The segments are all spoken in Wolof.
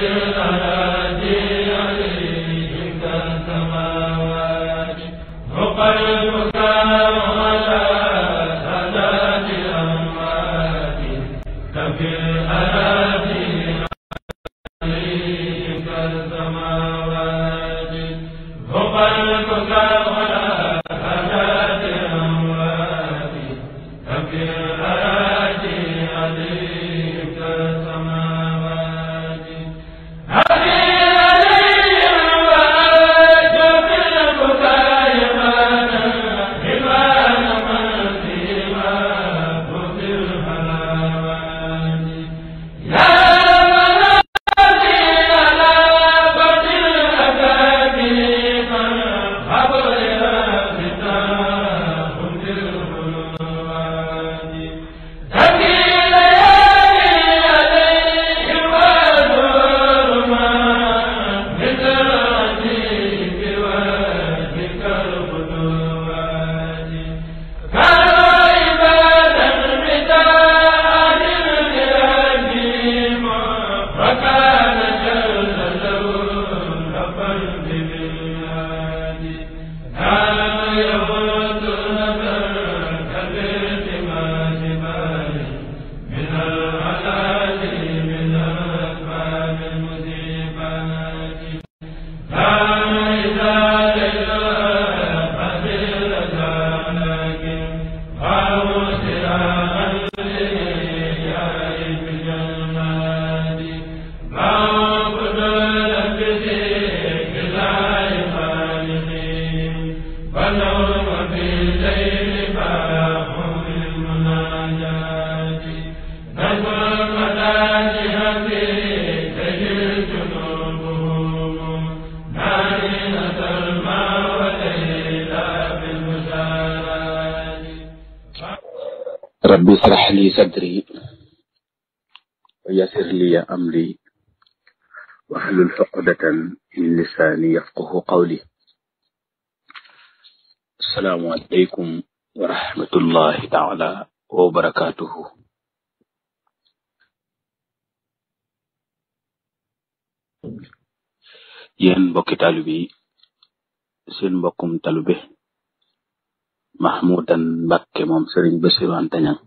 Thank you. صدري ويسر لي أمري واحلل عقدة من لساني يفقه قولي السلام عليكم ورحمة الله تعالى وبركاته yéen mbokki taalibi seen mbokkum talube mahmudan mbakke moom sëriñ basiru antañang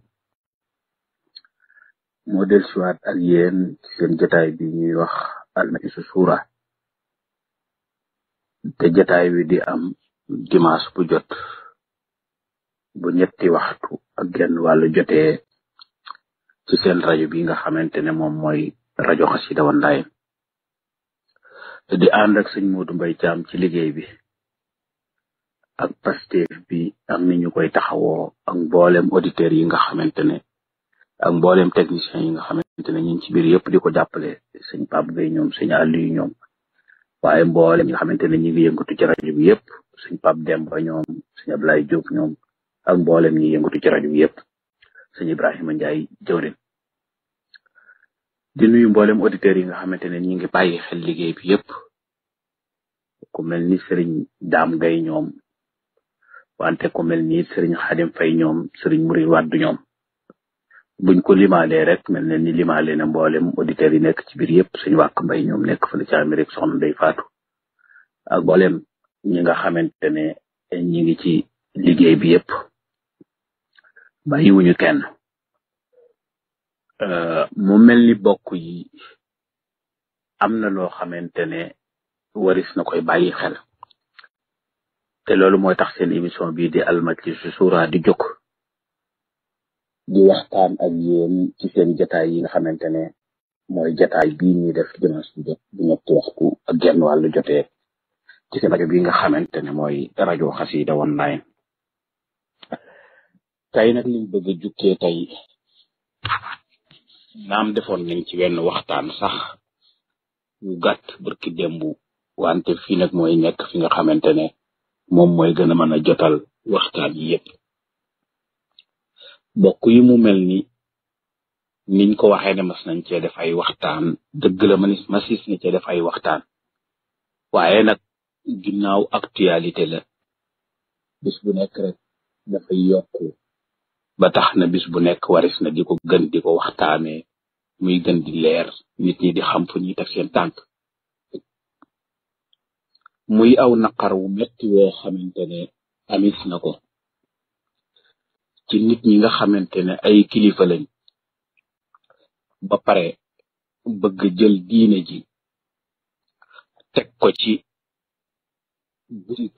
moo dellusiwaat ak yéen ci seen jataay bi ñuy wax almajlisu suura te jataay bi di am dimanche bu jot bu ñetti waxtu ak genn wàllu jote ci seen rajo bi nga xamante ne moom mooy rajo Xassida Online di ànd ak sëñ Modou Mbaye ci liggéey bi ak Pastef bi ak ni ñu koy taxawoo ak mboolem auditeur yi nga xamante ne ak mboolem technicien yi nga xamante ne ñu ngi ci biir yëpp di ko jàppale sëñ Pape Gueye ñoom sëñ Aliou ñoom waaye mboolem ñi nga xamante ne ñu ngi yëngatu ci rajo bi yëpp sëñ Pape Demba ñoom sëñ Ablaye Diop ñoom ak mboolem ñi yëngatu ci bi yëpp sëñ Ibrahima Ndiaye jëwrin di nuyu mboolem auditeurs yi nga xamante ne ñu ngi bàyyi xel liggéey bi yëpp ku mel ni Serigne Dame Gueye ñoom wante ku mel ni Serigne Xadim Fay ñoom Serigne Mouride Wade ñoom. buñ ko limaalee rek mel ne ni limaale na mboolem auditeurs yi nekk ci biir yëpp suñu wàkk mbay ñoom nekk fële ci Amérique soxna Ndeye Fatou ak mboolem ñi nga xamante ne ñi ngi ci liggéey bi yëpp bàyyiwuñu kenn euh, mu mel ni bokk yi am na loo xamante ne waris na koy bàyyi xel te loolu mooy tax seen émission bii di Al Majlizou Zoura di jóg di waxtaan ak yéen ci seen jataay yi nga xamante ne mooy jataay bii ñuy def dimanche bi jot bu ñetti waxtu ak genn wàllu jotee ci seen rajo bi nga xamante ne mooy rajo xasida online tey nag liñ bëgg a jukkee tey naam defoon nañ ci wenn waxtaan sax yu gàtt barki démb wante fii nekk fi nga xamante ne moom mooy gën a mën a jotal waxtaan yi bokk yi mu mel ni niñ ko waxee ne mas nañ cee def ay waxtaan dëgg la manis masis na cee def ay waxtaan waaye nag ginnaaw actualité la bis bu nekk rek dafay yokku ba tax na bis bu nekk waris na di ko gën di ko waxtaanee muy gën di leer nit ñi di xam fu ñuy teg seen tànk muy aw naqar wu metti woo xamante amis na ko ci nit ñi nga xamante ne ay kilifa lañ ba pare bëgg jël diine teg ko ci bunt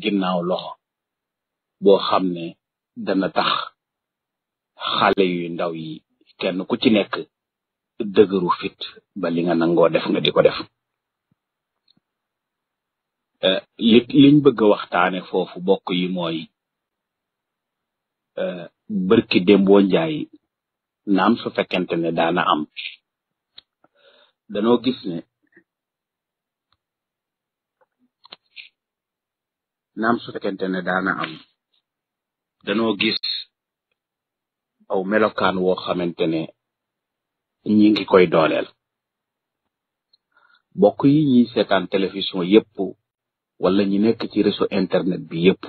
ginnaaw loxo boo xam ne dana tax xale yu ndaw yi kenn ku ci nekk dëgëru fit ba li nga nangoo def nga di ko def eh, li liñ bëgg a waxtaane foofu bokk yi Euh, bërki démboo njaay naam su fekkente ne daana am danoo gis ne naam su fekkente ne daana am danoo gis aw melokaan woo xamante ne ñi koy dooleel bokk yi ñiy seetaan télévision yépp wala ñi nekk ci réseau internet bi yépp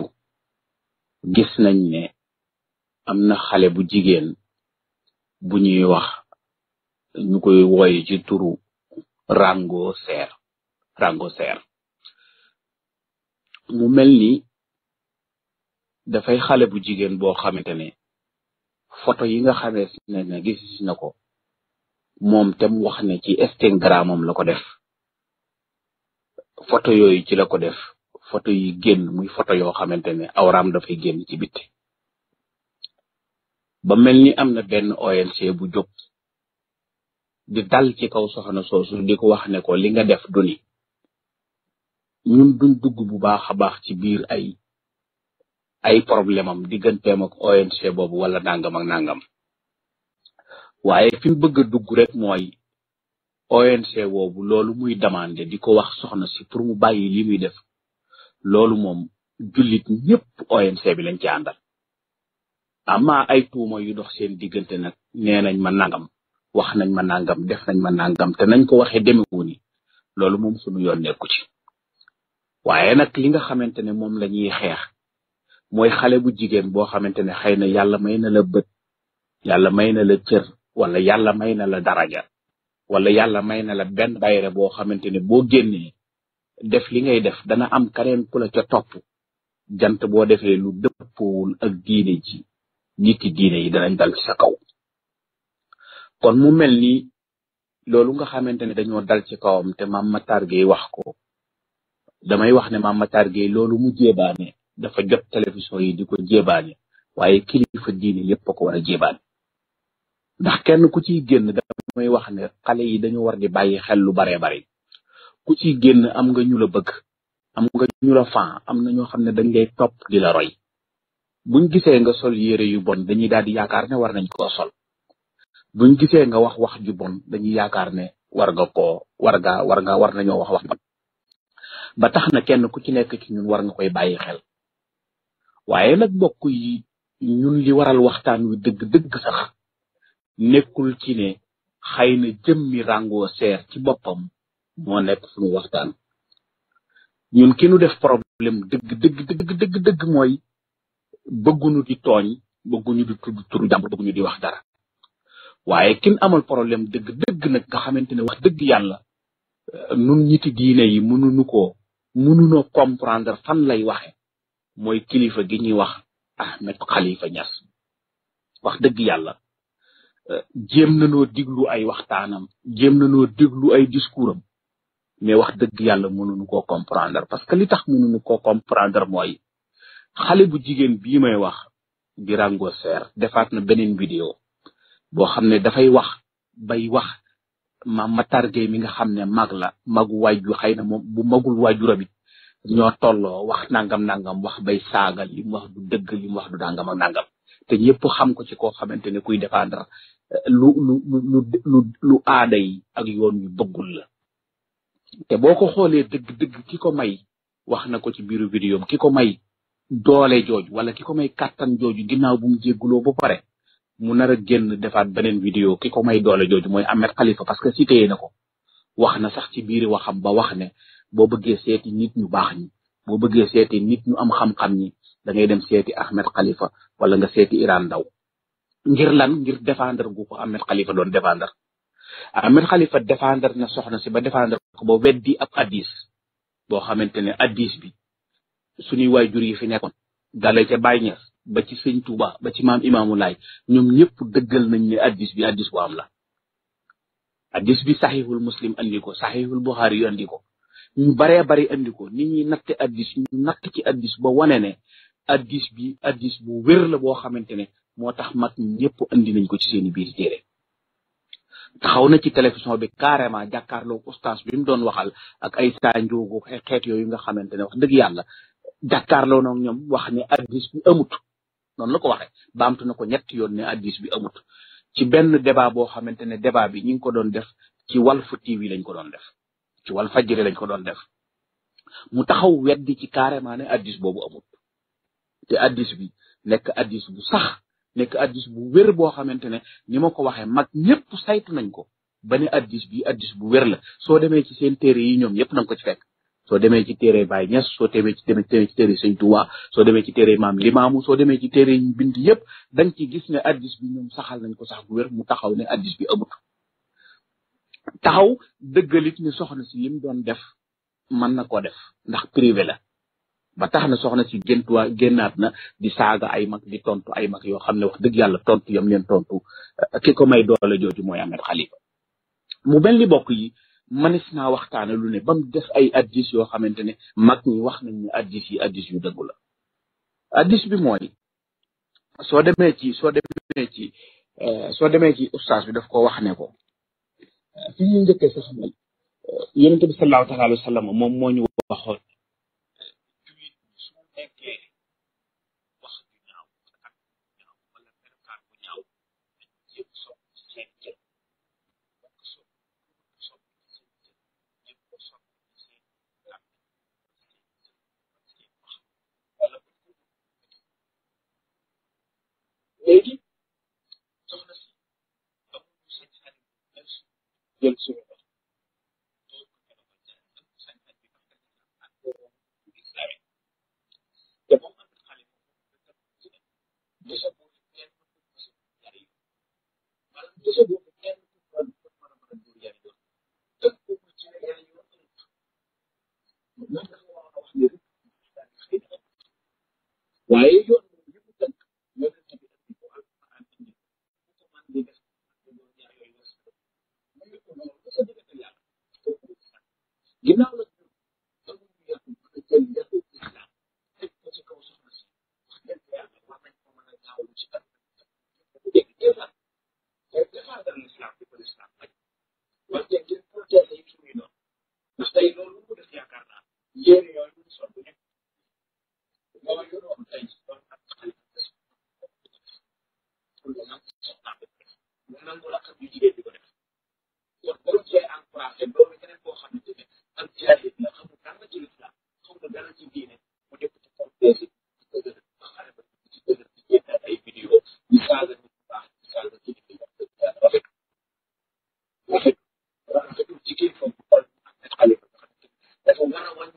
gis nañ ne am na xale bu jigéen bu ñuy wax ñu koy wooye ci turu rango seer rango seer mu mel ni dafay xale bu jigéen boo xamante ne photo yi nga xamee ne na gis na ko moom tam wax ne ci Instagramam la ko def photo yooyu ci la ko def photo yi génn muy photo yoo xamante ne awraam dafay génn ci bit ba mel ni am na benn ONG bu jóg di dal ci kaw soxna soosu di ko wax ne ko li nga def du ni ñun duñ dugg bu baax baax ci biir ay ay problème am digganteem ak ONG boobu wala nangam ak nangam waaye fi mu bëgg a dugg rek mooy ONG boobu loolu muy demandé di ko wax soxna si pour mu bàyyi li muy def loolu moom jullit ñëpp ONG bi lañ ci àndal. amaa ay tuuma yu dox seen diggante nag nee nañ ma nangam wax nañ ma nangam def nañ ma nangam te nañ ko waxee demewu ni loolu moom suñu yoon nekku ci waaye nag li nga xamante ne moom la ñuy xeex mooy xale bu jigéen boo xamante ne xëy na yàlla may na la bët yàlla may na la cër wala yàlla may na la daraja wala yàlla may na la benn bayre boo xamante ne boo génnee def li ngay def dana am kaneen ku la ca topp jant boo defee lu dëppoowul ak diine ji niti diine yi danañ dal ci kaw kon mu mel ni loolu nga xamante ne dañoo dal ci kawam te maam Matar Gueye wax ko damay wax ne maam Matar Gueye loolu mu jébaane dafa jot télévision yi di ko jébaane waaye kilifa diine yépp a ko war a jébaane ndax kenn ku ciy génn damay wax ne xale yi dañu war di bàyyi xel lu baree bari ku ci génn am nga ñu la bëgg am nga ñu la fan am na ñoo xam ne dañ lay topp di la roy buñ gisee nga sol yére yu bon dañuy daal di yaakaar ne war nañ koo sol buñ gisee nga wax wax ju bon dañuy yaakaar ne war nga koo war nga war nañoo wax wax bon ba tax na kenn ku ci nekk ci ñun war nga koy bàyyi xel waaye nag bokk yi ñun li waral waxtaan wi dëgg-dëgg sax nekkul ci ne xëy na jëmmi Rango Seer ci boppam moo nekk suñu waxtaan ñun ki nu def problème dëgg dëgg dëgg mooy bëgguñu di tooñ bëgguñu di tudd turu jàmbur bëgguñu di wax dara waaye kin amal problème dëgg dëgg nag nga xamante ne wax dëgg yàlla euh, nun ñiti diine yi mënuñu ko mënuñoo comprendre fan lay waxe mooy kilifa gi ñuy wax Ahmed Khalifa Niass wax dëgg yàlla euh, jéem nanoo diglu ay waxtaanam jéem nanoo diglu ay discours am mais wax dëgg yàlla mënuñu koo comprendre parce que li tax mënuñu koo comprendre mooy xale bu jigéen bii may wax di rango seer defaat na beneen vidéo boo xam ne dafay wax bay wax ma ma targay mi nga xam ne mag la magu waaju xëy na moom bu magul waajuram it ñoo tolloo wax nangam nangam wax bay saaga li wax du dëgg li wax du nangam ak nangam te ñëpp xam ko ci koo xamante ne kuy défendre eh, lu lu lu lu lu aada yi ak yoon yu bëggul la te boo ko xoolee dëgg-dëgg ki ko may wax na ko ci biiru vidéo ki ko may doole jooju wala ki ko may kattan jooju ginaaw bu mu jégguloo ba pare mu nar a génn defaat beneen vidéo ki ko may doole jooju mooy Ahmed Khalifa parce que cité na ko wax na sax ci biir wa xam ba wax ne boo bëggee seeti nit ñu baax ñi boo bëggee seeti nit ñu am xam-xam ñi da ngay dem seeti Ahmed Khalifa wala nga seeti Iran Ndaw ngir lan ngir défendre gu ko Ahmed Khalifa doon défendre Ahmed Khalifa défendre na soxna si ba défendre ko ba weddi ab addis boo xamante ne addis suñuy waajur yi fi nekkoon dalee ca Baye Niass ba ci sëñ Touba ba ci maam Imaamu Laay ñoom ñëpp dëggal nañ ne addis bi addis bu am la addis bi saxiixul muslim andi ko saxiixul buxaari yu andi ko baree bari andi ko nit ñi natte addis ñu ci addis ba wane ne addis bi addis bu wér la boo xamante ne moo tax mag ñëpp indi nañ ko ci seen i biir téere taxaw na ci télévision bi carrément jàkkaarloo ustaas bi mu doon waxal ak ay saa njóogu ay xeet yooyu nga xamante ne wax dëgg yàlla jàkkaarloo noog ñoom wax ni addis bi amut noonu la ko waxee baamtu na ko ñetti yoon ne addis bi amut ci benn débat boo xamante ne débat bi ñi ngi ko doon def ci Walfu TV lañ ko doon def ci Walf Fadjri lañ ko doon def mu taxaw weddi ci carrément ne addis boobu amut te addis bi nekk addis bu sax nekk addis bu wér boo xamante ne ni ma ko waxee mag ñëpp saytu nañ ko ba ne addis bi addis bu wér la soo demee ci seen téere yi ñoom yëpp na ko ci fekk so demé ci téré bay ñess so demee ci demee ci téré Sëñ Touba so démé ci téré maam Limaamu so démé ci téré yi bind yépp dañ ci gis ne addis bi ñoom saxal nañ ko sax bu wér mu taxaw ne addis bi amut taxaw dëggalit ni soxna ci lim doon def man na ko def ndax privé la ba tax na soxna si géntuwaa gennat na di saga ay mak di tontu ay mak yo xamne wax deug yàlla tontu yam len tontu kiko may doole joju moy Ahmed Khalifa mu mel ni bokk yi mënees naa waxtaane lu ne ba def ay addis yoo xamante ne mag ñi wax nañ ñu addis yi addis yu dëggu la addis bi mooy soo demee ci soo demee ci euh, soo demee ci ustaas bi daf ko wax ne ko euh, fi ñu njëkkee sax mooy euh, yonente bi sallallahu taala alayhi wa moom moo ñu waxoon one-on-one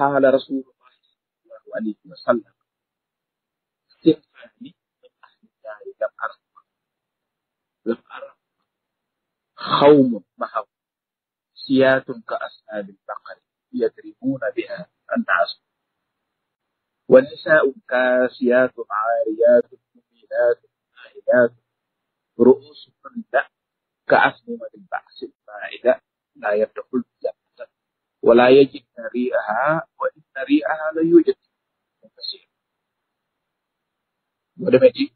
قال رسول الله صلى الله عليه وسلم استغفاري من أهل ذلك لم أرى خوم معه سيات كأصحاب البقر يضربون بها الناس ونساء كاسيات عاريات مميلات عائلات رؤوس لا كأسنمة البعث المائدة لا يدخل الجنة ولا يجد ريئها automatic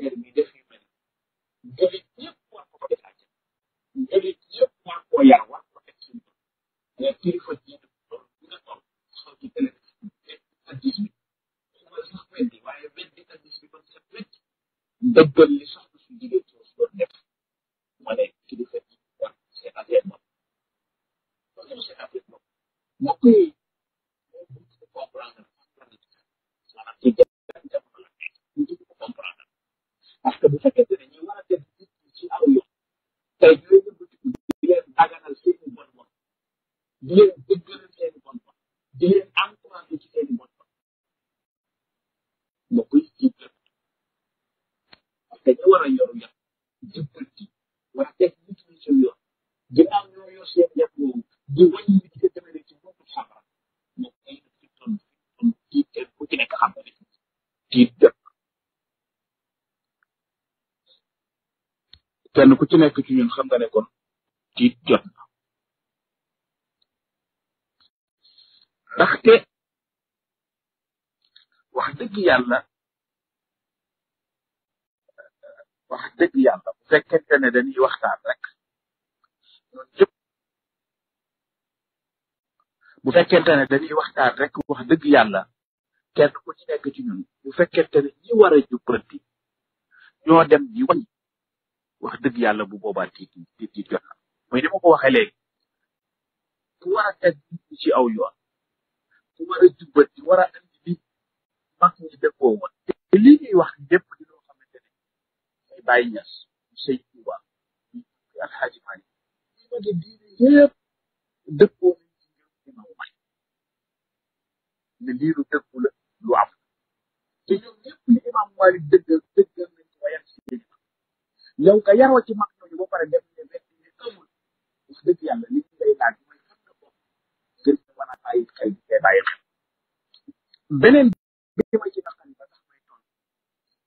ministère bi def yu mel jullit ñëpp war ko ko def àjj jullit ñëpp war koo yar war ko teg ci ñoom mais kilifa jiitu loolu bu nga toll xaw ci télé ak gis bi xamal sax weddi waaye weddi ak gis bi man sax wecc dëggal li soxna su jigéen soo su doon def ma ne kilifa ji war seen affaire moom loolu seen affaire moom mbokk yi parce que bu fekkente ne ñu war a def nit ñi ci aw yoon tey ñooy yëngatiku di leen daganal seeni bon bon di leen dëggalal seeni bon bon di leen encouragé ci seeni bon bon mbokk yi jiib la parce que ñu war a yoru yàq jubbanti war a teg nit ñi ci yoon ginnaaw ñoo yor seen yàq woowu di wàññi nit ñi demee ci bokkul safara mbokk yi ci toll ci toll ci kenn ku ci nekk xam nga ne ci jiib kenn ku ci nekk ci ñun xam nga ne kon tiit jot na ndaxte wax dëgg yàlla wax dëgg yàlla bu fekkente ne dañuy waxtaan rek ñun ñëpp bu fekkente ne dañuy waxtaan rek wax dëgg yàlla kenn ku ci nekk ci ñun bu fekkente ne ñi war a jubbanti ñoo dem di wañ wax dëgg yàlla bu boobaa tiit tiit tiit jot na mooy ni ma ko waxee léegi ku war a teg ci aw yoon ku war a jubbanti war a andi li mag ñi dëkkoo woon te lii ñuy wax lépp di loo xamante ne say bàyyi ñas say tuuba alxaaji maani ñu magi diine yëpp dëkkoo nañ ci ngir imaw may ne lii lu dëggu la lu am te ñoom ñëpp li imam malik dëggal dëggal yow nga yaroo ci mag ñooñu ba pare dem ne mel ni amul wax dëgg yàlla li ñu lay laaj mooy xam na bopp gën a war a bàyyi xel bi ngay bàyyi xel beneen bi ma ci naqari ba tax may toll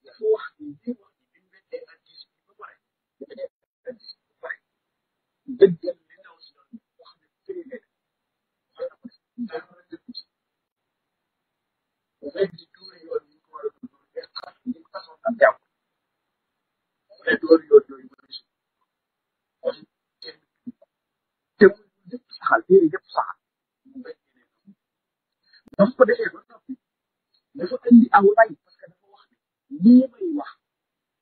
dafa wax ni lii wax ni biñ weddee ak gis bi ba pare weddee ak gis bi ba pare dëggal li ndaw si doon wax ne privé la wala dara dëgg ci weddi tuuri yoon ñu ko war a dund ak xar ñu façon ak jàpp adore yoon yooyu mooy suuf te muy lépp saxal téere yëpp saxal ba ko defee ba noppi dafa indi aw lay parce que dafa wax ne lii may wax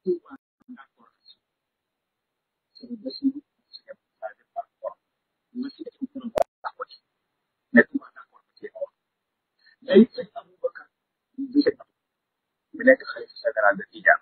Tuubaa d'accord suñu basiru si dem saa dem d'accord ma si dem pour d'accord ci nekk ma d'accord ci wax day sëñ Aboubacar bi nekk xalifa général de Tijaan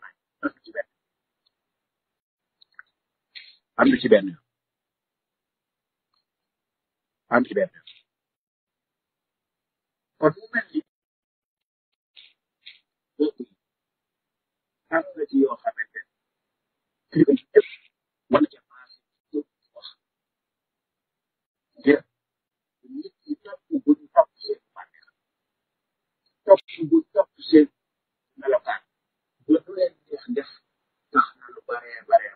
ànd ci benn ànd ci benn kon mu mel ni am na ci yoo xamante ne kilifa yi yëpp war na ca maas wax ngir nit ñi topp bu ñu topp seen bànneex topp bu topp seen melokaan ba du leen wax def tax na lu baree baree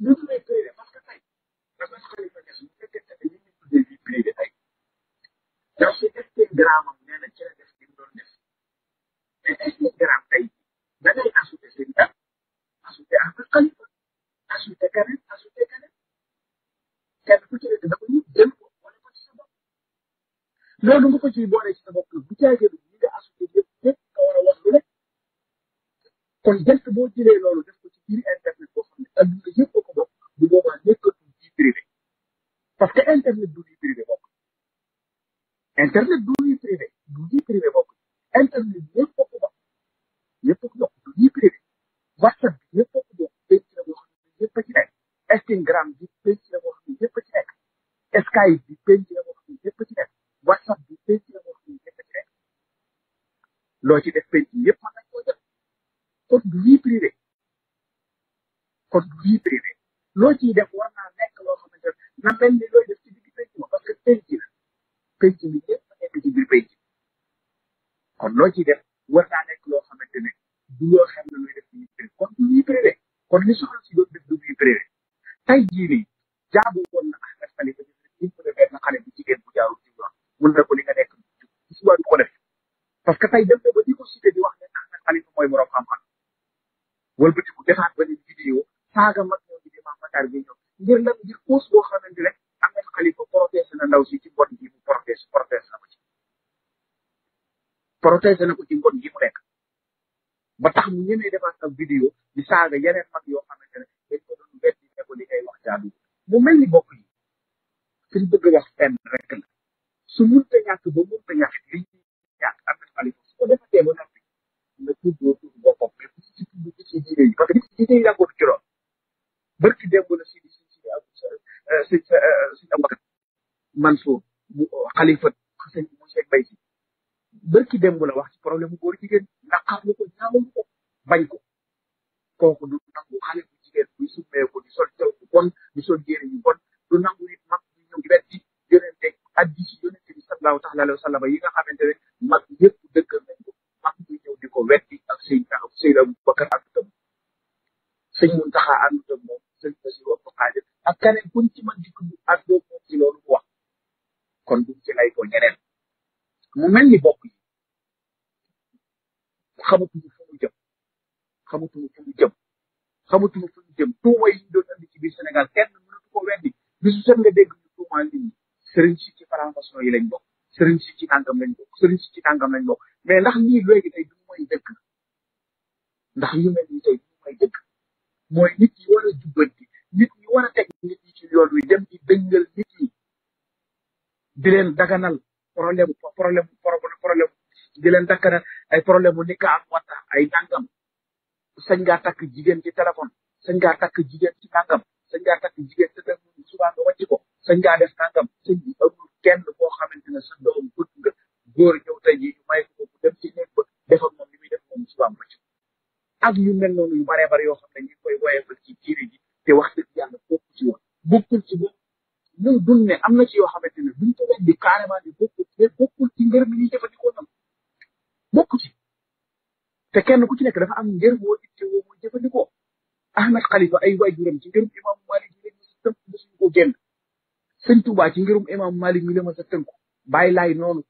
même les privés parce que tey dafa Khalifa Niass bu fekkente ne ñu ngi tuddee vie privée tey daf si Instagram am nee na ci la def li mu doon def mais Instagram tey da ngay assurer seen dara assurer Ahmed Khalifa assurer keneen assurer keneen kenn ku ci nekk dafa ñu jël ko wala ko ci sa bopp loolu nga ko ciy boole ci sa bopp bu jaagee du ñi nga assurer yëpp yëpp nga war a wax lu ne kon jël boo jëlee loolu def ko ci biir internet boobu. adduna yëpp ko bokk bu boobaa nekkatul vie privée parce que internet du vie privée bokk internet du vie privée du vie privée bokk internet yëpp ko bokk yëpp ko bokk du vie privée whatsapp bi yëpp ko bokk penc la boo xam ne yëpp a ci nekk instagram bi penc la boo xam ne yëpp a ci nekk skype bi penc la boo xam ne yëpp a ci nekk whatsapp bi penc la boo xam ne yëpp a ci nekk loo ci def penc loo nekk loo na mel ni looy def ci digg penc ma parce que penc la penc bi ñëpp ci biir penc kon loo ciy def war naa nekk loo xamante ne du loo xam ne looy def ci biir penc kon lii privé du muy privé tey jii jaabu woon na Ahmed ne ñu ne benn xale bu jigéen ci yoon mun na ko li nga nekk ci que tey dem na di ko cité di ne Ahmed Khalifa mooy borom xam-xam wala ba di ko defaat benn vidéo saaga ma protégé na ko ci mbon gi mu nek ba tax mu ñëmee defaat ak vidéo di saga yeneen mag yo xamantene dañ ko doon bëtt di ko li wax jaadu mu melni bokk yi ci bëgg wax fenn rek la su munta ñàkk ba munta ñak li ñàkk am na xalifa su ko defatee ba noppi na ci tudd ci mais bu ci tudd ci ci diine yi parce que ci diine yi laa ko ci lool barki démb la si si si ak si si ak man soo xalifa sëñ mu sëñ bay si barki dembu la wax ci problème góor jigéen naqarlu ko ñaawlu ko bañ ko kooku du nangu xale bu jigéen buy ko di sol jaww kon di sol jéere yu bon du nangu nit mag ñu ñëw di wetti yonente addi ci yonente bi sallallahu taala alayhi wa sallam yi nga xamantene mak mag yépp dëkkal nañ ko mag ñu ñëw di ko wetti ak sëy na ak sëy abu bakar ak tam sëñ muntaxa àndu tam moom sëñ basiru abdu xale ak kanen kun ci man di ko ak do ko ci lolu mu wax kon du ci lay ko ñeneen mu melni ni bokk yi xamatuñu fu mu jëm xamatuñu fu mu jëm xamatuñu fu mu jëm tuuma yi ñu doon andi ci biir Sénégal ko weddi bisu set nga dégg ñu tuuma nit ñi sëriñ si ci franc-maçon yi lañ bokk sëriñ si ci nàngam lañ bokk ci nàngam lañ bokk mais ndax lii léegi tey du mooy dëkk ndax yu mel ni tey du nit yi war a jubbanti nit ñi war a teg nit ñi dem di dëngal nit ñi di leen daganal problème problème di leen takkanal ay problème mu nikaab wata ay nangam sañ ngaa takk jigéen ci téléphone sañ ngaa takk jigéen ci nangam sañ ngaa takk jigéen ci téléphone subaa nga wàcc ko sañ ngaa def nangam sañ bi amul kenn koo xamante ne sa doom bëgg nga góor ñëw tey jii ñu ba defal moom li muy moom subaa mu wàcc ak yu mel noonu yu baree bari yoo xam ne ñu koy woyefal ci diine te wax dëgg yàlla bokku ci woon bokkul ci moom ñun dun ne am na ci yoo xamante ne duñ ko weddi carrément ni bokkul ci ngërëm bokk ci te kenn ku ci nekk dafa am njër moo itte woo mooy jëfandikoo ay waajuram ci ngërum imam Malik mi la ko génn ci ngërum imam Malik mi ma sa tënku bàyyi laay noonu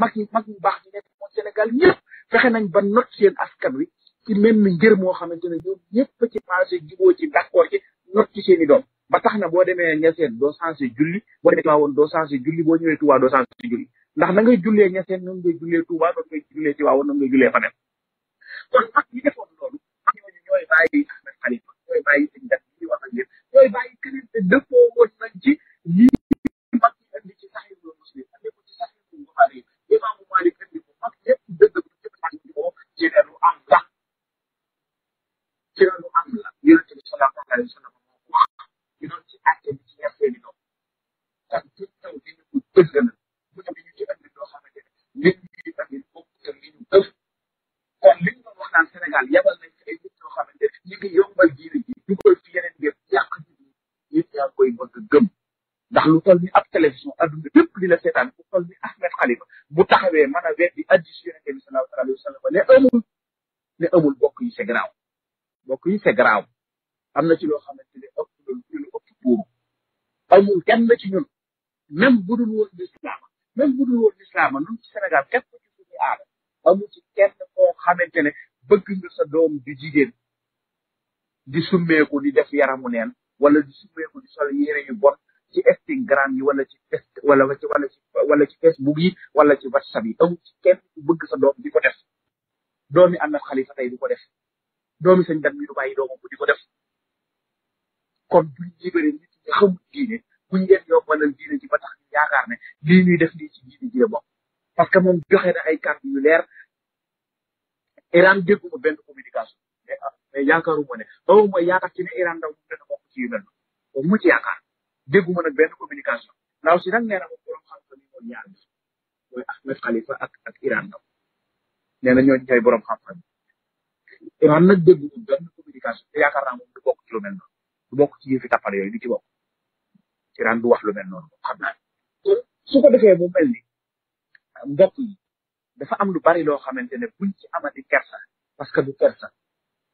mag ñi mag ñu baax ñi nekk moom Sénégal ñëpp fexe nañ ba not seen askan wi ci même njër moo xamante ne ñoom ñëpp ci passé juboo ci d'accord ci not ci seen i doom ba tax na boo demee ñeseen doo sensé julli boo demee Tiwaawoon doo sensé julli boo ñëwee Tuubaa doo sensé julli ndax na ngay jullee ñeseen noonu ngay jullee Touba noonu ngay jullee Tivaouane noonu ngay jullee fa dem kon ak ñi defoon loolu ak ñooñu ñooy bàyyi Ahmed Khalifa ñooy bàyyi sëñ Gat ñi wax ak yéen ñooy bàyyi keneen te dëppoo woon nañ ci lii mag ñi indi ci Sahih Muslim indi ko ci Sahih Bukhari imaamu Malik indi ko mag ñëpp dëgg bu ñëpp andi ko ci ne lu am la ci ne lu am la yonente bi sallallahu alayhi wa sallam moo ko wax ñu doon ci àtte bi ci ñaar seeni doom ak ci taw di ñu ko dëgg na community ak nit yoo xamante ne nit ñi tamit bokk ak li ñu def kon li ñu wax naan Sénégal yabal nañ fi ay nit yoo xamante ne ñu ngi yombal diine ji dugal fi yeneen ngir yàq nit ñi nit yaa koy bëgg gëm ndax lu toll ni ab télévision adduna bépp di la seetaan bu toll ni Ahmed Khalifa bu taxawee mën a weddi addis yonente bi sallallahu alayhi wa sallam ne amul ne amul bokk yi c'est grave bokk yi c'est grave am na ci loo xamante ne ëpp lu lu ëpp buuru amul kenn ci ñun même budul woon l'islam même bu dul woon lislaama nun ci Sénégal kenn ku ci suñu amul ci kenn koo xamante ne bëgg nga sa doom ju jigéen di summeeku di def yaramu neen wala di summeeku di sol yére yu bon ci Instagram yi wala ci test wala ci wala ci Facebook yi wala ci WhatsApp yi amul ci kenn ku bëgg sa doom di ko def doomi Ahmed Khalifa tey du ko def doomi sañ dat mi du bàyyi doomam bu di ko def kon buñ libéré nit ñi xamul diine buñ leen yombalal diine ji ba tax ñu yaakaar ne lii ñuy def nii ci diine ji la parce que moom joxe na ay kàddu yu leer Iran dégguma benn communication mais ah, yaakaaruma ne aw ma yaakaar ci ne Iran ndaw moom dana bokk ci yu mel noonu mu ci yaakaar dégguma nag benn communication ndaw si nag na moom borom xam-xam yi mooy ñaar mooy Ahmed Khalifa ak na ñooñu ñooy borom xam-xam Iran nag dégguma benn communication te yaakaar du bokk ci lu mel noonu du bokk ci yëfi tappal yooyu du bokk. Iran du wax lu mel noonu xam naa hmm. ni am lu bari loo xamante ne buñ ci amati kersa parce que du kersa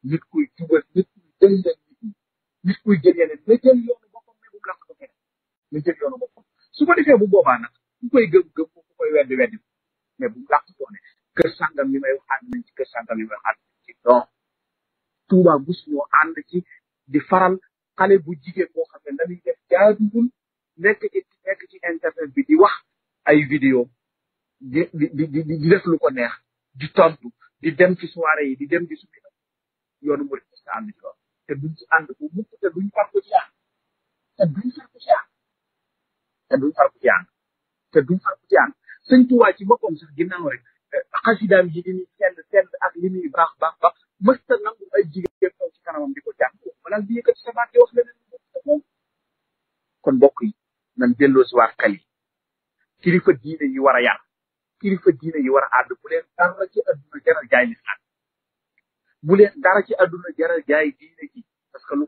nit kuy jubal nit kuy dëndal su ko defee bu boobaa nag koy gëm gëm ko koy weddi weddi mais bu mu làq kër sàngam li may wax ànd ci kër sàngam li may wax ànd ci donc Touba gus ñoo ànd ci di faral xale bu jigéen boo xam ne dañuy def jaaduwul nekk ci nekk ci internet bi di wax ay vidéo di di def lu ko neex di tontu di dem ci soirée yi di dem di subi yoonu murid sa ànd ci loolu te duñ far ko ci ànd te duñ far ko ci ànd te duñ far ci ànd sax ginnaaw rek eh, xasidaam yi li muy sell sell ak li muy baax baax baax mësta nangu ay jigéen taw ci kanamam di kon mbokk yi nan delloo si waat kilifa diine yi war a yar kilifa diine yi war a àdd bu leen dara ci àdduna jaral jaay lislaam ji parce que lu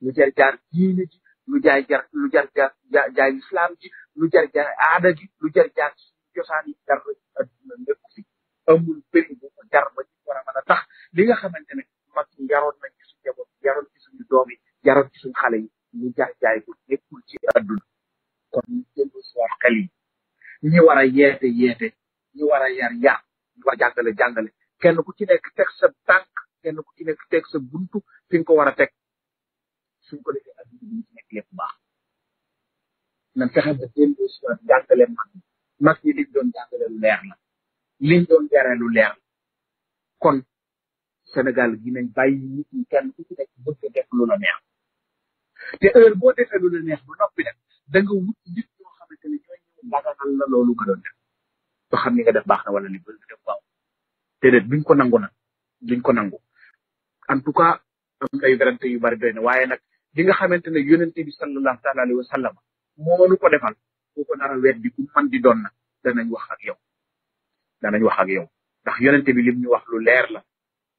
lu jar jaar ji lu jar jar ji lu jar yi si amul prix bu jar ba ñu war a a tax li nga xamante ne mag ñi yaroon nañ ci suñu njaboot yaroon ci suñu xale yi ñu jaay jaay bu nekkul ci àdduna kon ñu dellu soir a yeete yeete ñi war a nekk ku ci nekk teg sa buntu fi ko war a teg suñ ko defee àdduna bi ñu ci nekk lépp baax liñ doon yare leer kon Sénégal gi nañ bàyyi nit ñi kenn ku ci nekk a defee lu la neex ba noppi nag da wut nit ñoo loolu nga xam ni nga def baax na wala li bëgg def baaw déedéet duñ ko nangu nag duñ ko nangu en tout cas am nay yu bari doy na waaye nag li nga xamante ne yonente bi sallallahu taala alayhi wa sallam moo nu ko defal boo ko nara weddi ku man di doon nag danañ wax ak yow danañ wax ak yow ndax yonente bi lim ñu wax lu leer la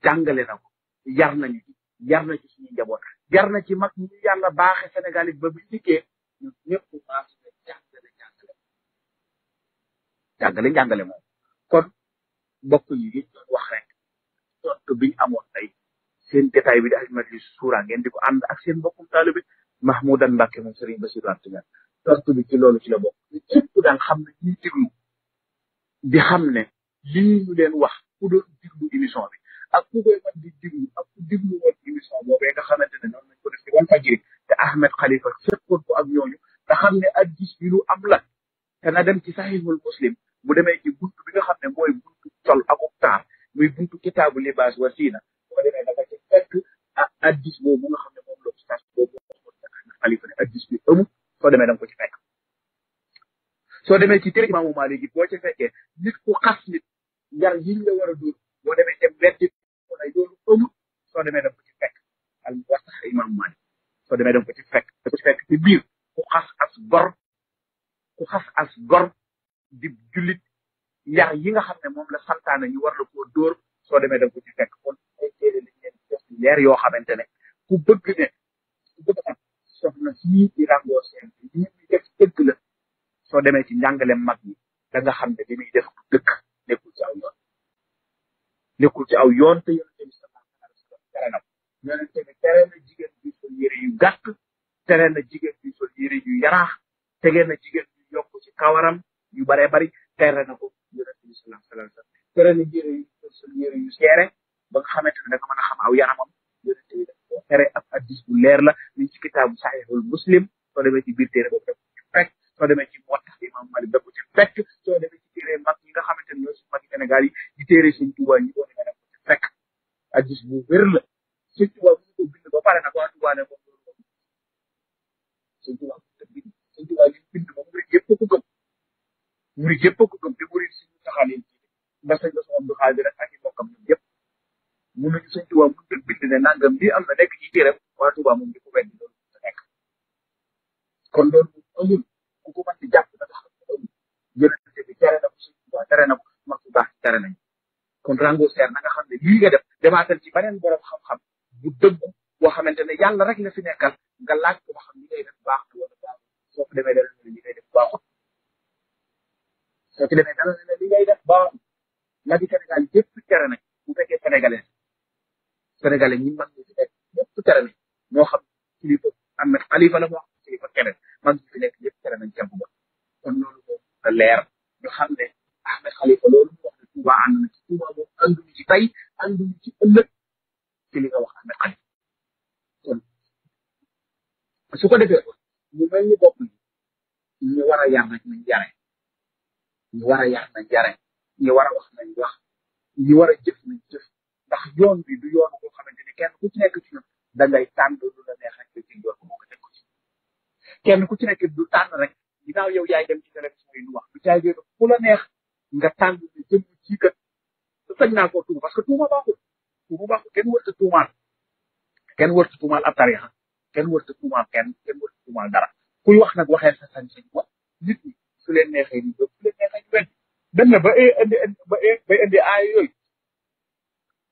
jàngale na ko yar nañu ci yar na ci suñu njaboot yar na ci mag ñu yàlla baaxe sénégal ba bu dikkee ñu ñëpp baax na jàngale jàngale jàngale jàngale moom kon bokk yi yi doon wax rek tontu biñ amoon tey seen détail bi di aj majlis suura ngeen di ko ànd ak seen bokkum taalibe mahmoudan mbàkke moom sëriñ basiru antuñan tontu bi ci loolu ci la bokk ñëpp daal xam na ñuy déglu di xamne li ñu leen wax ku do diglu émission bi ak ku koy man di diglu ak ku diglu woon émission bobé nga xamante ne noonu lañ ko def ci wal fajiri te Ahmed Khalifa fekkoon ko ak ñooñu da xamne ak gis bi lu am la te na dem ci sahihul muslim bu démé ci buntu bi nga xamne moy buntu col ak taar muy buntu kitaabu libas wa siina boo demee dafa ci fekk ak gis bobu nga xamne mom lo ci ustaas bobu ko ne Khalifa ne gis bi amu soo démé da nga ko ci fekk soo demee ci téere imaamu Maalik gi boo ci fekkee nit ku xas nit yar yi ñu la a dóor boo demee soo demee dem ko ci fekk al biir ku xas as gor ku xas as gor di jullit yar yi nga xam ne moom la santaane ñu war la koo dóor soo demee dem ko ci fekk kon ay téere lañ leen yoo xamante ne ku bëgg ne ku bëgg am soxna sii seen lii la soo demee ci njàngaleem mag ñi da xam ne li muy def du dëkk nekkul ci aw yoon nekkul ci aw yoon te yonente bi sallallahu alayhi wa sallam tere na sol yére yu gàtt tere na jigéen bi sol yére yu yaraax tegee na jigéen yokk ci kawaram yu baree bari tere na ko yonente bi sallallahu alayhi wa seere ba nga xamante ne da nga mën a xam aw yaramam yonente bi daf koo bu leer la ñu ci kitaabu saxiixul muslim soo demee ci biir téere boobu soo demee ci Muwatta imam Malik da ko ci fekk soo demee ci téere mag ñi nga xamante ne ñoo suñu mag Sénégal yi di téere suñ Tuubaa ñi ko ne nga def ba pare nag bind i bokkam ñoom yëpp mun nañu suñ Tuubaa ne nangam lii am na nekk ci téere waa Tuubaa moom di ko weddi loolu nekk kon loolu amul ku ko mën di kon rango seer na xam ne lii nga def demaatal ci beneen borom xam-xam bu dëgg boo xamante ne yàlla rek la fi nekkal nga laaj ko xam li ngay def baax wala Sénégal yëpp tere nañ bu fekkee moo xam kilifa moo xam kilifa keneen mag fi nekk ñëpp tere nañ jàpp ba kon loolu moom na leer ñu xam ne Ahmed Khalifa loolu mu wax na ci Touba moom ànduñu ci tey ànduñu ci ëllëg ci li wax Ahmed Khalifa kon defee ñu mel ni bopp yi ñu war yar nag nañ yare ñu war a yar nañ yare ñu war a wax nañ wax ñu war a jëf ndax yoon bi du yoon boo xamante ne kenn ku ci nekk ci ñun da ngay tànn lu la neex rek ci yoon boobu kenn ku ci nekk du tànn rek ginnaaw yow yaay dem ci télévision yi nu wax du la neex nga tànn ne jëm ci kat te sañ naa koo tuuma parce que tuuma baaxul kenn wërta tuumaal kenn wërta tuumaal ab tarixa kuy wax nag waxee sa sañ-sañ wax nit ñi su leen neexee nii ba su leen neexee ñu benn ba eh, indi indi eh, aay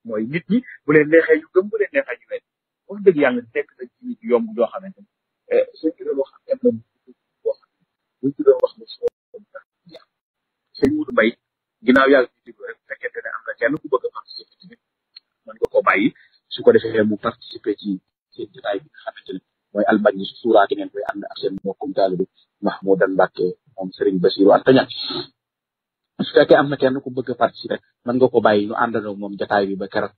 mooy nit ñi bu leen neexee ñu gëm bu leen neexee ñu benn wax dëgg yàlla nekk na ci nit yomb doo xamante ni suñ ci doon wax ak kenn boo xam buñ ci doon wax ne soo sëñ am na ku bëgg participer tamit mën nga ko bàyyi su ko defee mu participer ci seen jotaay bi moo xamante ne mooy almajni su suuraati ngeen koy ànd ak seen mbokkum taalibe Mahmoudan Mbàkke moom Serigne Bassirou Anta Niang su am na kenn ku bëgg a participer mën nga ko bàyyi ñu àndandoo moom jotaay bi ba keroog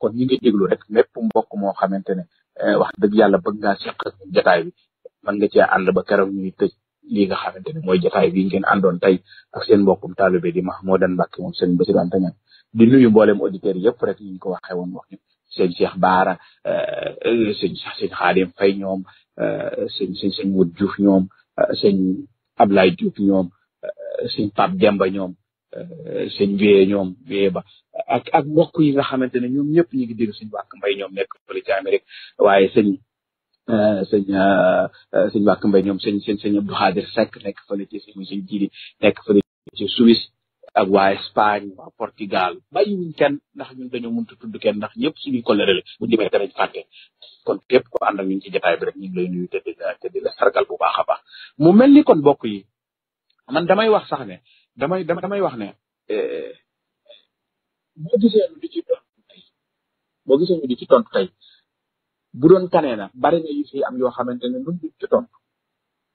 kon ñu ngi déglu rek mépp mbokk moo xamante ne Eh, wax dëgg yàlla bëgg ngaa seq jataay bi mën nga cee ànd ba keroog ñuy tëj lii nga xamante ne mooy jataay bi ngeen àndoon tey ak seen mbokkum taalibe di Mahmoudan Mbacké moom sëñ Bassirou Anta Niang di nuyu mboolem auditeurs yëpp rek ñu ko waxee woon wax ñu sëñ Cheikh Baara eh, eh, sëñ sëñ Xaadim Fay ñoom sëñ sëñ sëñ Wut Diouf ñoom sëñ Ablaye Diouf ñoom sëñ Pape Demba ñoom Euh, sëñ biyee ñoom biyee ba ak ak mbokk yi nga xamante ne ñoom ñëpp ñu ngi dégg suñu wàkk mbay ñoom nekk fële ci Amérique waaye sëñ euh, sëñ euh, sëñ wàkk mbay ñoom sëñ sëñ sëñ Abdou Xaadir Seck nekk fële ci sëñ nekk fële ci Suisse ak waa Espagne waa Portugal bàyyiwuñ kenn ndax ñun dañoo mënut a tudd kenn ndax ñëpp suñuy colère la bu demee danañ fàtte kon képp ko ànd ak ñun ci jotaay bi rek ñu lay te di la sargal bu baax a baax mu mel ni kon mbokk yi man damay wax sax ne damay damay wax ne boo eh, gisee boo gisee lu di ci tey bu doon tanee na bari na yu am yoo xamante ne nun duñ ci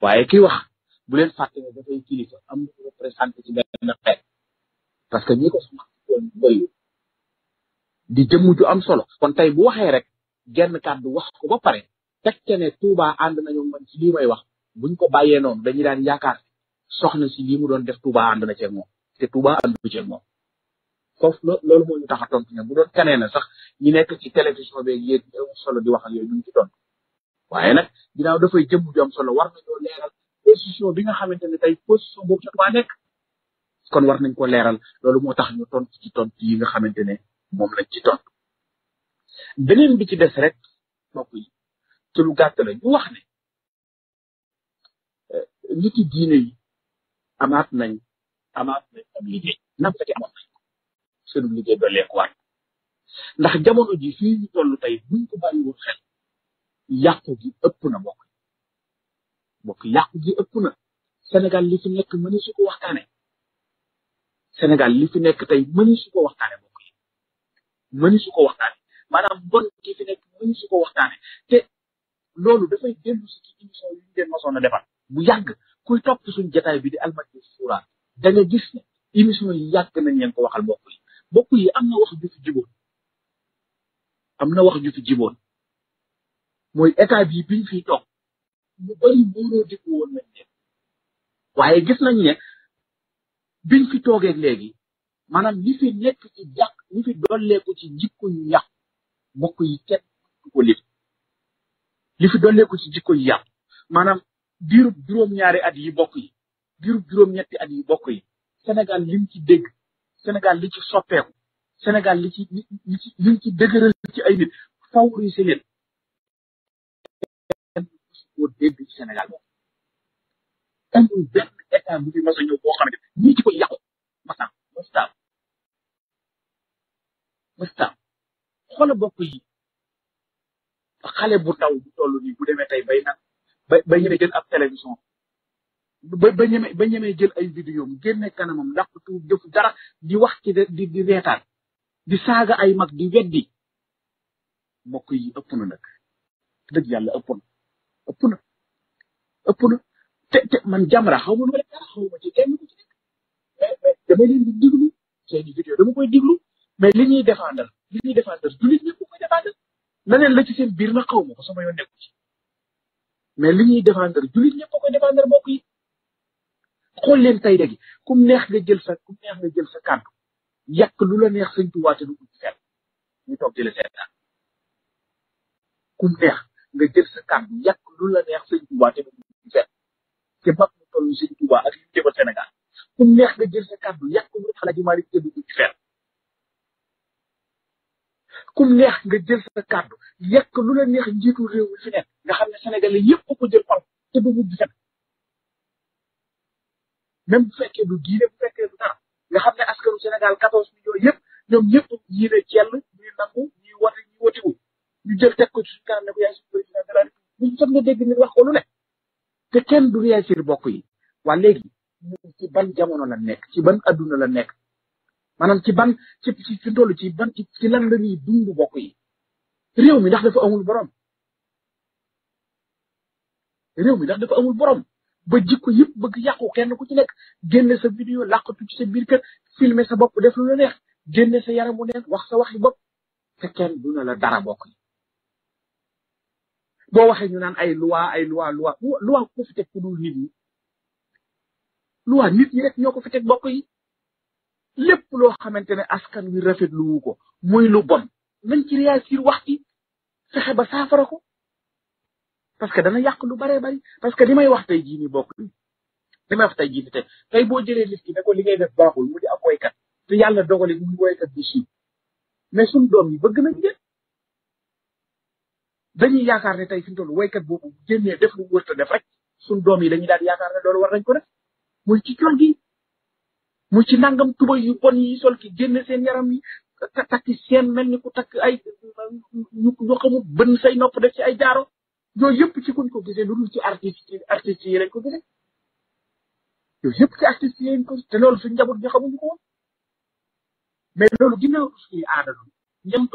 waaye kii wax bu leen fàtte ne dafay kilifa parce que ñi ko samaoon ju am solo kon tey bu waxee rek genn bu wax ko ba pare teg te ne Touba ànd nañu man may wax buñ ko bàyyee noonu dañuy daan yaakaar soxna si lii mu doon def Touba ànd na ceeg moom te Touba àndu ceeg moom foofu loolu moo ñu tax a tontu ne bu doon kanee na sax ñi nekk ci télévision beeg yéen solo di wax ak yooyu duñ ci tontu waaye nag ginnaaw dafay jëm ju am solo war nañoo leeral bi nga xamante ne tey position boobu ca Touba nañ ko leeral loolu moo tax ñu tontu ci tontu yi nga xamante ne moom lañ ci tontu beneen bi ci des rek mbokk yi ci lu gàtt la ñu wax ne euh, niti diine yi amaat nañ amaat nañ am liggéey nappkat yi amaat nañ seenum liggéey ndax jamono ji fii ñu toll tey buñ ko bàyyiwul xel yàqu gi ëpp na bokk bokk yàqu gi ëpp na senegal li fi nekk mëni su waxtaane Sénégal li fi nekk tey mëni su ko waxtaane bokk mëni su waxtaane maanaam bon gi fi nekk mëni su waxtaane te loolu dafay dellu si ci émission yu ñu leen a defal bu yàgg kuy topp suñ jataay bi di almajlis suuraan da gis ne émission yi yàgg nañ leen ko waxal mbokk yi mbokk yi am na wax ju fi jiboon am na wax ju fi mooy état bi biñ fiy toog ñu bari mbooloo dikku woon waaye gis nañ ne biñ fi toogee léegi maanaam ñi fi nekk ci jàq ñi fi dolleeku ci jikko yu yàq mbokk yi kenn ko lim li fi dolleeku ci jikko yàq maanaam diirub juróom-ñaari at yi bokk yi diirub juróom-ñetti at yi bokk yi senegal lim ci dégg Sénégal li ci soppeeku Sénégal li ci li ci li ci dëgëral ci ay koo dégg ci Sénégal moom amul benn état bu fi mas ñëw boo xamante ñii ci koy yàqu masan mëstaam mëstaam xoola bokk yi xale bu taw bu toll nii bu demee tay bay nag ba ba ñemee jël ab télévision ba ñemee jël ay vidéo génne kanamam ndax tu jëfu dara di wax ci di di reetaan di saaga ay mag di weddi mbokk yi ëpp na nag dëgg yàlla ëpp na ëpp na te te man Jamra xaw ma nu ma dara xaw ma ci kenn ku ci nekk mais dama leen di diglu seeni vidéo dama koy diglu mais li ñuy défendre li ñuy défendre du nit ñëpp koy défendre na leen la ci seen biir na xaw ma ko sama yoon nekku ci mais li ñuy défendre jullit ñëpp ko défendre mbokk yi xool leen tey dagi kum neex nga jël sa kum neex nga jël sa kàddu yàq lu la neex sëñ Tuubaa te du uj seet ñu toog di la seetaan kum neex nga jël sa kàddu yàq lu la neex sëñ Tuubaa te du uj seet te mag mu toll sëñ Tuubaa ak li mu jëmal Sénégal kum neex nga jël sa kàddu yàq lu la neex Alaaji Maalik te du uj seet ku neex nga jël sa kàddu yekk lu la neex njiitu réew mi fi nekk nga xam ne sénégalais yëpp ko jël xol te du mujj fen même bu fekkee du diine bu fekkee du dara nga xam ne askanu sénégal quatorze millions yëpp ñoom ñëpp ñii ne jell ñuy nangu ñuy wote ñuy wotiwu ñu jël teg ko ci suñu kanam ne ko yaay suñu président de la république buñ sax nga dégg nit wax ko lu ne te kenn du réagir bokk yi waa léegi ci ban jamono la nekk ci ban adduna la nekk maanaam ci ban ci ci ci toll ci ban ci lan la ñuy dund bokk yi réew mi ndax dafa amul borom réew mi ndax dafa amul borom ba jikko yëpp bëgg yàqu kenn ku ci nekk génne sa vidéo làqatu ci sa biir kër sa bopp def lu la neex génne sa yaramu neen wax sa waxi bopp te kenn du na la dara bokk yi boo waxee ñu naan ay loi ay loi loi loi ko ku dul nit ñi loi nit ñi rek ñoo ko fi bokk yi lépp loo xamante ne askan wi rafetlu wu ko muy lu bon nañ ci réagir wax ci fexe ba saafara ko parce que dana yàq lu baree bari parce que li may wax tey jii nii bokk li may jii nii boo jëlee nit ki def baaxul mu di ab woykat te yàlla dogale muy woykat bi si mais suñ doom yi bëgg nañ leen dañuy yaakaar ne tey fi mu waykat boobu génnee def lu wërta def rek suñ doom yi dañuy daal yaakaar ne loolu war nañ ko def muy ci col gi mu ci nangam tuba yu bon yi sol ki génne seen yaram yi takki seen mel ni ku takk ay ñu xamul bën say nopp def ci ay jaaro yooyu yëpp ci kuñ ko gisee yi lañ ko gisee ko te loolu suñ njaboot ñu xamuñu ko woon mais loolu dina suñu aada doon ñam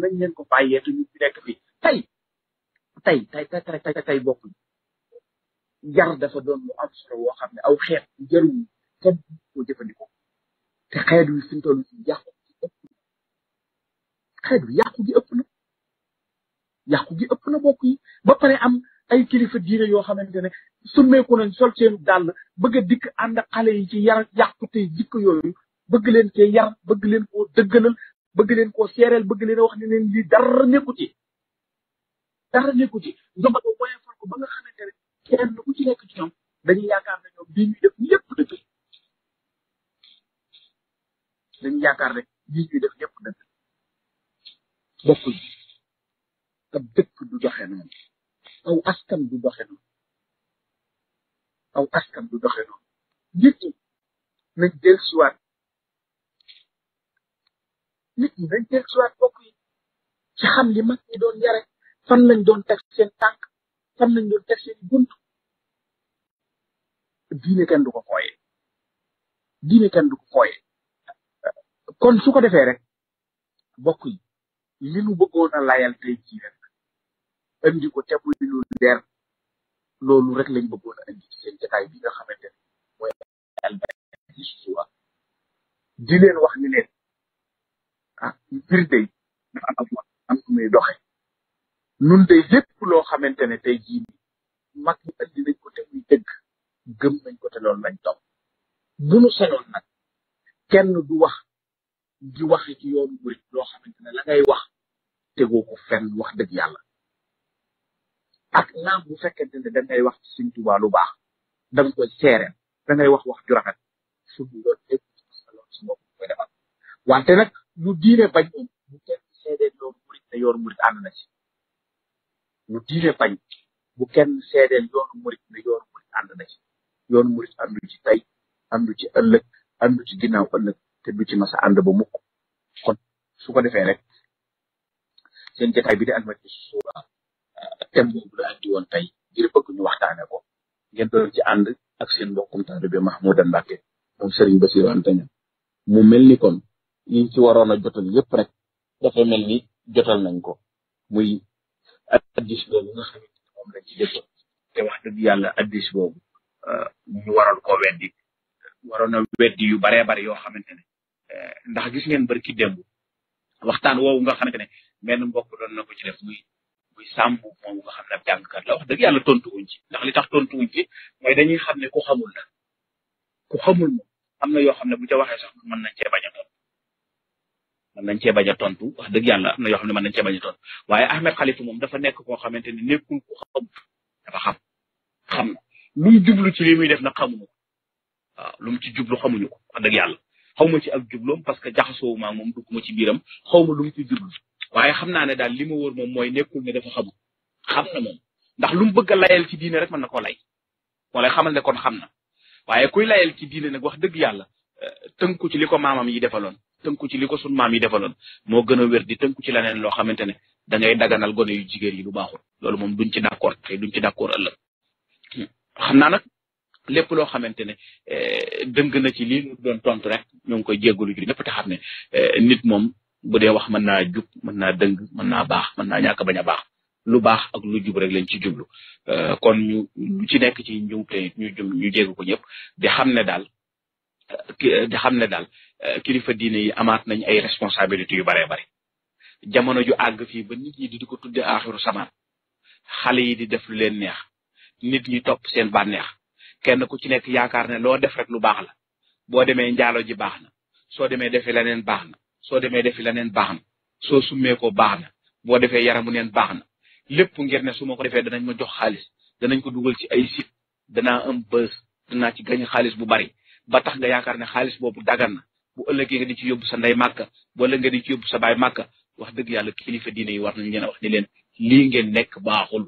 nañ leen ko bàyyee te ñu nekk fii tey tey tey tay tey tey tey yar dafa doon lu am solo woo xam ne aw xeet jarul kenn ko jëfandikoo te xeet wi fi mu toll si yàqu gi ëpp na xeet gi ëpp na yàqu yi ba pare am ay kilifa diine yoo xamante ne summeeku nañ sol seenu dàll bëgg a dikk ànd ak yi ci yar yàqute jikko yooyu bëgg leen cee yar bëgg leen ko dëggalal bëgg leen koo seereel bëgg leen wax ne leen lii dara nekku ci dara ne kenn ku ci nekk ci ñoom dañuy yaakaar ne ñoom bii ñuy def ñëpp dëgg dañu yaakaar rek lii ñuy def yëpp dëgg bokkul ab dëkk du doxe noonu aw askan du doxe nit ñi nañ del suwaat nit ñi nañ del suwaat bokk yi ci xam li mag ñi doon yare fan lañ doon teg seen tànk fan nañ doon teg seen bunt diine kenn du ko fooye diine kenn du ko fooye kon su ko defee rek mbokk yi li nu bëggoon layal tey jii rek andi ko te muy lu loolu rek lañ bëggoon a andi ci seen jotaay ah, loo xamante ne tey jii mag ñi andi ko te muy dëgg gëm nañ ko te lañ topp bu nu sañoon nag kenn du wax di waxe ci yoonu murit loo xamante ne la ngay wax tegoo ko fenn wax dëgg yàlla ak naam bu fekkente ne da ngay wax ci Sëñ Tuubaa lu baax da nga koy seereel da ngay wax wax ju rafet suñu yoon dégg loolu koy defal wante nag lu diine bañ moom kenn seedee yoonu murit ne yoonu murit ànd na ci lu yoonu murit ànd na ci yoonu murit àndu ci tey àndu ci ci ginnaaw ëllëg te du ci massa and bu mukk kon su ko defee rek seen jotaay bi di alma ci suura euh, tem boobu la andi woon tey ngir bëgg ñu waxtaane ko ngeen doon ci and ak seen mbokkum taalibe mahmoudan mbàkke moom sëriñ basiru antaña mu mel ni kon yi ci waroon a jotal yépp rek dafa mel ni jotal nañ ko muy addis boobu nga xam xamante moom lañ ci jëtoon te wax dëgg yàlla addis boobu euh, ñu waroon ko weddi waroon a weddi yu bare bare yoo xamante ne Eh, ndax gis ngeen bari ki démb waxtaan woowu nga xamante ne benn mbokk doon na ko ci def muy muy wax dëgg yàlla tontuwuñ ci ndax li tax dañuy xam ne ku xamul am na yoo xam ne bu ca waxee mën nañ cee bañ a nañ cee bañ tontu wax dëgg yàlla am na yoo xam ne mën nañ cee bañ a tontu waaye Ahmed moom dafa nekk koo xamante ne nekkul ku xamul dafa xam xam na jublu muy def nag xamuñu waaw lu mu ci jublu xamuñu ko wax dëgg yàlla xaw ma ci ak jubloom parce que jaxasoowu maa moom dugg ma ci biiram xaw ma lu ci jublu waaye xam naa ne daal li ma wóor moom mooy nekkul ne dafa xamul xam na moom ndax lu mu bëgg a layal ci diine rek mën na koo lay moo lay xama ne kon xam na waaye kuy layal ci diine nag wax dëgg yàlla euh, tënku ci li ko maamam yi defaloon tënku ci li ko sun maam yi defaloon moo gën a wér di tënku ci leneen loo xamante ne da ngay daganal gone yu jigéen yi lu baaxul loolu moom duñ ci d'accord tey duñ ci d'accord ëllëg hmm. xam naa nag lépp loo xamante ne eh, dëng na ci lii ñu doon tontu rek ñu ngi koy jéggalu ju ñëpp te ne eh, nit moom bu dee wax mën naa jub mën naa dëng mën naa baax mën naa ñàkk bañ a baax lu baax ak lu jub rek lañ ci jublu eh, kon ñu ci nekk ci njumte ñu jum ñu jégg ko ñëpp di xam ne daal di xam ne daal kilifa diine yi amaat nañ ay responsabilité yu baree bari jamono ju àgg fii ba nit ñi di ko tudde aaxiru samaan xale yi di def lu leen neex nit ñi topp seen bànneex kenn ku ci nekk yaakaar ne loo def rek lu baax la boo demee njaalo ji baax na soo demee defi leneen baax na soo demee defi leneen baax na soo summee ko baax na boo defee yaramu neen baax na lépp ngir ne su ma ko defee danañ ma jox xaalis danañ ko dugal ci ay danaa am bës ci gañ xaalis bu bari ba tax nga yaakaar ne xaalis boobu dagan na bu ëllëgee nga di ci yóbbu sa ndey màkka bu ëllëgee nga di ci yóbbu sa baay màkka wax dëgg yàlla kilifa diine yi war nañ leen a wax ni leen lii ngeen nekk baaxul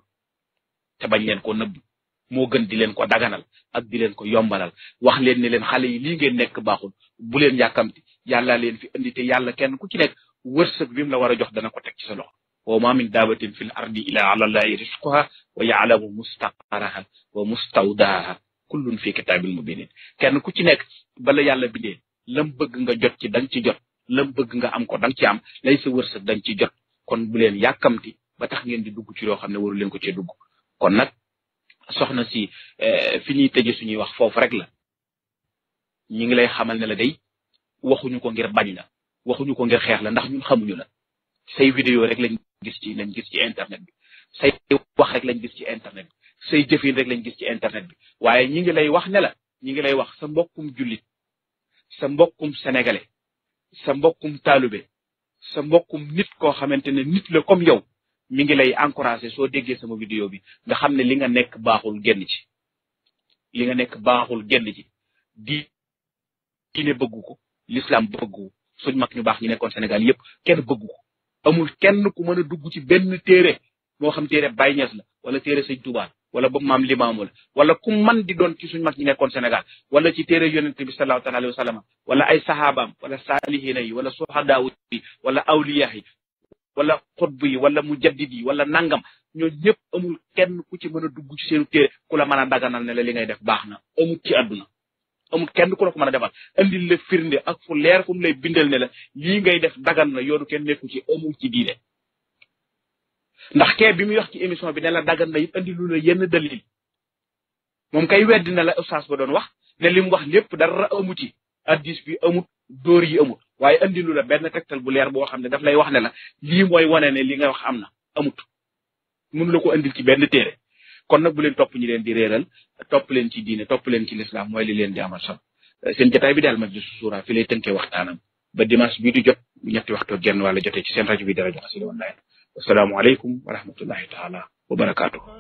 te bañ leen ko nëbb mo gën di len ko daganal ak di len ko yombalal wax len ni len xale yi li ngeen nek baxul bu len yakamti yàlla len fi andi te yàlla kenn ku ci nek wërsëg bi mu la wara jox dana ko tek ci sa loxo wa ma min dabatin fil ardi ila ala llahi risquha wa ya'lamu mustaqaraha wa mustawdaha kullun fi kitabil mubin kenn ku ci nekk bala yàlla bindee lam bëgg nga jot ci dang ci jot lam bëgg nga am ko dang ci am lay sa wërsëg dang ci jot kon bu len yakamti ba tax ngeen di dugg ci loo xamne waru len ko ci dugg kon nak soxna si eh, fi ñuy tëje suñuy wax foofu rek la ñi ngi lay xamal ne la day waxuñu ko ngir bañ la waxuñu ko ngir xeex la ndax ñun xamuñu la say vidéo rek lañ gis ci lañ gis ci internet bi say wax rek lañ gis ci internet bi say jëfin rek lañ gis ci internet bi waaye ñi ngi lay wax ne la ñi ngi lay wax sa mbokkum jullit sa mbokkum sénégalais sa mbokkum taalube sa mbokkum nit koo xamante ne nit la comme yow mi ngi lay encouragé soo déggee sama vidéo bi nga xam ne li nga nekk baaxul génn ci li nga nekk baaxul génn ci di diine bëgg ko l'islam bëggu suñ mag ñu baax ñu nekkoon Sénégal yëpp kenn bëggu ko amul kenn ku mën a dugg ci benn téere moo xam téere Baye Niass la wala téere sëñ Touba wala boobu maam Limaamu la wala ku man di doon ci suñ mag ñi nekkoon Sénégal wala ci téere yonent bi sallallahu alayhi wa sallam wala ay sahabaam wala saalihiina yi wala suhadaawu yi wala awliyaa yi wala xutb yi wala mu mujaddid yi wala nangam ñooñu ñëpp amul kenn ku ci mën a dugg ci seenu téere ku la mën a daganal ne la li ngay def baax na amul ci àdduna amul kenn ku la ko mën a defal indi la firnde ak fu leer fu mu lay bindal ne la ngay def dagan na yoonu kenn ku ci amul ci diine ndax kee bi muy wax ci émission bi ne la dagan na it andi lu la yenn dalil moom kay weddi na la ustaas ba doon wax ne li mu wax lépp dara amu ci addis bi amut door yi amut waaye andilu la benn tegtal bu leer boo xam ne daf lay wax ne la lii mooy wane ne li nga wax am na amut mënu la ko andil ci benn téere kon nag bu leen topp ñu leen di réeral topp leen ci diine topp leen ci lislaam mooy li leen di amal solo seen jotaay bi daal Majlisu Zuura fi lay tënkee waxtaanam ba dimanche bii di jot ñetti waxtu genn wàlla jote ci seen rajo bi dara jox si online assalaamu aleykum wa rahmatullahi taala wa barakaatuhu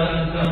Santa